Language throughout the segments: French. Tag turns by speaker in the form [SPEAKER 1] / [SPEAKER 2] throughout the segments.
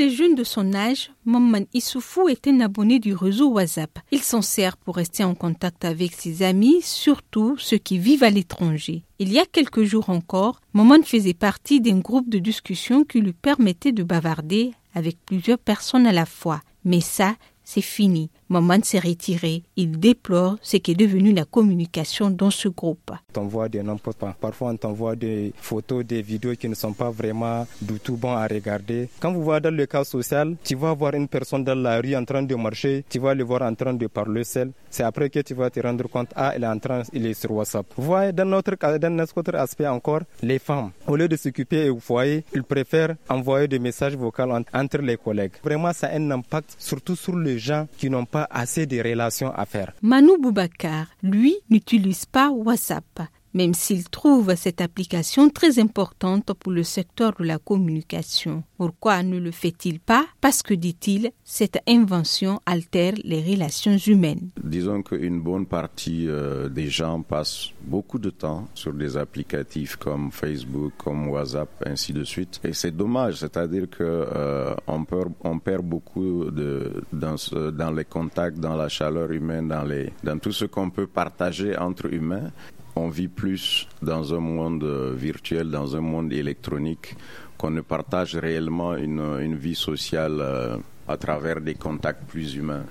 [SPEAKER 1] les jeunes de son âge, Maman Issoufou est un abonné du réseau WhatsApp. Il s'en sert pour rester en contact avec ses amis, surtout ceux qui vivent à l'étranger. Il y a quelques jours encore, Maman faisait partie d'un groupe de discussion qui lui permettait de bavarder avec plusieurs personnes à la fois. Mais ça, c'est fini. Maman s'est retiré. Il déplore ce qui est devenu la communication dans ce groupe.
[SPEAKER 2] On t'envoie des n'importe quoi. Parfois, on t'envoie des photos, des vidéos qui ne sont pas vraiment du tout bon à regarder. Quand vous voyez dans le cas social, tu vas voir une personne dans la rue en train de marcher, tu vas le voir en train de parler seul. C'est après que tu vas te rendre compte, ah, il est en train, il est sur WhatsApp. Vous voyez, dans notre, dans notre autre aspect encore, les femmes, au lieu de s'occuper au foyer, ils préfèrent envoyer des messages vocaux entre les collègues. Vraiment, ça a un impact surtout sur les gens qui n'ont pas assez de relations à faire.
[SPEAKER 1] Manu Boubacar, lui, n'utilise pas WhatsApp, même s'il trouve cette application très importante pour le secteur de la communication. Pourquoi ne le fait-il pas Parce que, dit-il, cette invention altère les relations humaines.
[SPEAKER 3] Disons qu'une bonne partie euh, des gens passent beaucoup de temps sur des applicatifs comme Facebook, comme WhatsApp, ainsi de suite. Et c'est dommage, c'est-à-dire qu'on euh, peut perd beaucoup de, dans, les contacts, dans la chaleur humaine, dans, les, dans tout ce qu'on peut partager entre humains. On vit plus dans un monde virtuel, dans un monde électronique, qu'on ne partage réellement une, vie sociale euh, à travers des contacts plus humains.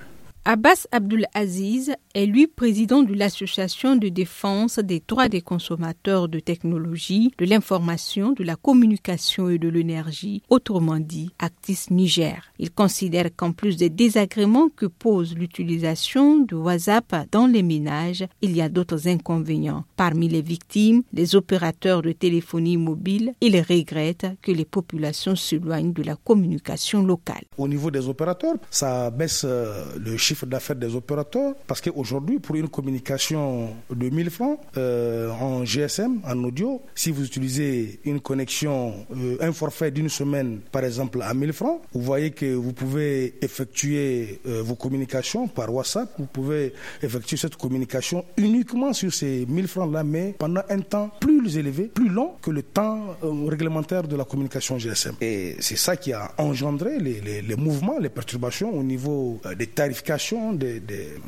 [SPEAKER 1] Abbas Abdul Aziz est lui président de l'Association de défense des droits des consommateurs de technologie, de l'information, de la communication et de l'énergie, autrement dit Actis Niger. Il considère qu'en plus des désagréments que pose l'utilisation de WhatsApp dans les ménages, il y a d'autres inconvénients. Parmi les victimes, les opérateurs de téléphonie mobile, il regrette que les populations s'éloignent de la communication
[SPEAKER 4] locale. Au niveau des opérateurs, ça baisse euh, le chiffre d'affaires des opérateurs. Parce qu'aujourd'hui, pour une communication de 1000 francs euh, en GSM, en audio, si vous utilisez une connexion, euh, un forfait d'une semaine, par exemple, à 1000 francs, vous voyez que vous pouvez effectuer euh, vos communications par WhatsApp, vous pouvez effectuer cette communication uniquement sur ces 1000 francs-là, mais pendant un temps plus plus élevé, plus long que le temps euh, réglementaire de la communication GSM. Et c'est ça qui a engendré les, mouvements, les perturbations au niveau euh, des tarifications de,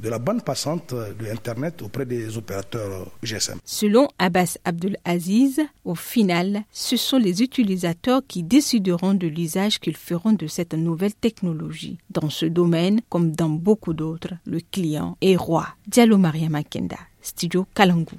[SPEAKER 4] la bande passante euh, de Internet auprès des opérateurs GSM.
[SPEAKER 1] Selon Abbas Abdul Aziz, au final, ce sont les utilisateurs qui décideront de l'usage qu'ils feront de cette nouvelle technologie. Dans ce domaine, comme dans beaucoup d'autres, le client est roi. Diallo Maria Makenda, Studio Kalangu.